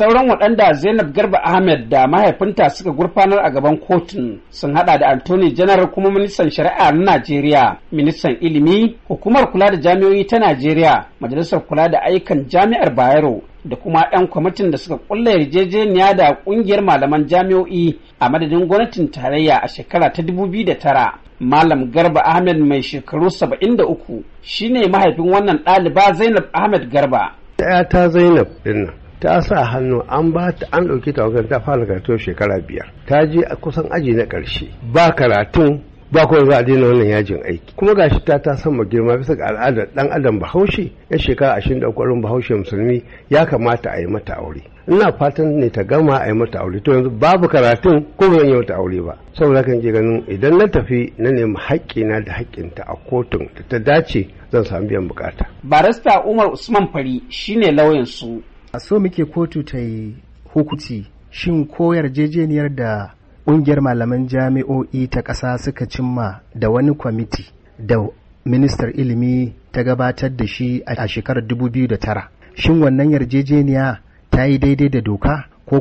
sauran waɗanda zainab garba ahmed da mahaifinta suka gurfanar a gaban kotun sun hada da antony janar kuma ministan shari'a na najeriya ministan ilimi hukumar kula da jami'o'i ta najeriya majalisar kula da ayyukan jami'ar bayero da kuma 'yan kwamitin da suka kulla yarjejeniya da kungiyar malaman jami'o'i a madadin gwamnatin tarayya a shekara ta dubu biyu da tara. malam garba ahmed mai shekaru saba'in da uku shine mahaifin wannan ɗaliba zainab ahmed garba ta zainab dinnan ta sa hannu an ba ta an ɗauki wajen ta fara karatu shekara biyar ta je kusan aji na ƙarshe ba karatun ba kuma za a daina wannan yajin aiki kuma gashi ta ta sama girma bisa ga al'adar dan adam bahaushe ya shekara ashirin da kwarin bahaushe musulmi ya kamata a yi mata aure ina fatan ne ta gama a yi mata aure to yanzu babu karatun ko ban yi mata aure ba saboda kan je ganin idan na tafi na nemi haƙƙina da haƙƙinta a kotun da ta dace zan samu biyan bukata barista umar usman fari shine lauyan su a so muke kotu ta yi hukuci shin ko yarjejeniyar da ƙungiyar malaman jami'o'i ta ƙasa suka cimma da wani kwamiti da ministar ilimi ta gabatar da shi a shekarar 2009 shin wannan yarjejeniya ta yi daidai da doka ko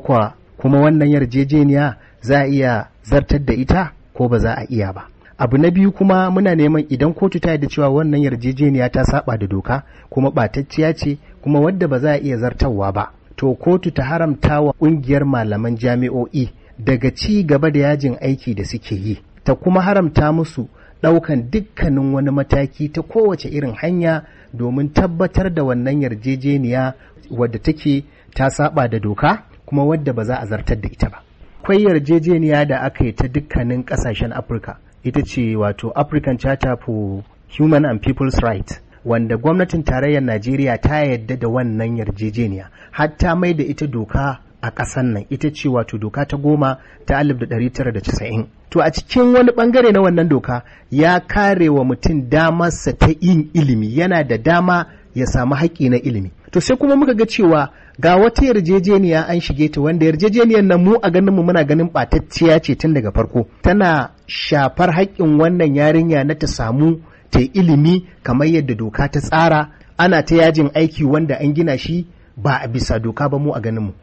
kuma wannan yarjejeniya za a iya zartar da ita ko ba za a iya ba abu na biyu kuma muna neman idan kotu ta da cewa wannan yarjejeniya ta saba da doka kuma batacciya ce kuma wadda ba za a iya zartarwa ba to kotu ta haramta wa ƙungiyar malaman jami'o'i daga ci gaba da yajin aiki da suke yi ta kuma haramta musu ɗaukan dukkanin wani mataki ta kowace irin hanya domin tabbatar da wannan yarjejeniya wadda take ta saba da doka kuma wadda ba za a zartar da ita ba. Akwai yarjejeniya da aka yi ta dukkanin ƙasashen Afirka ita ce wato African Charter for Human and People's Rights wanda gwamnatin tarayyar Najeriya ta yadda da wannan yarjejeniya har ta mai da ita doka a ƙasan nan ita ce wato doka ta goma ta 1990 to a cikin wani bangare na wannan doka ya kare wa mutum damarsa ta yin ilimi yana da dama ya samu haƙƙi na ilimi to sai kuma muka ga cewa ga wata yarjejeniya an shige ta wanda yarjejeniyar nan mu a ganin mu muna ganin ɓatacciya ce tun daga farko tana shafar haƙƙin wannan yarinya na ta samu ta ilimi kamar yadda doka ta tsara ana ta yajin aiki wanda an gina shi ba a bisa doka ba mu a ganin mu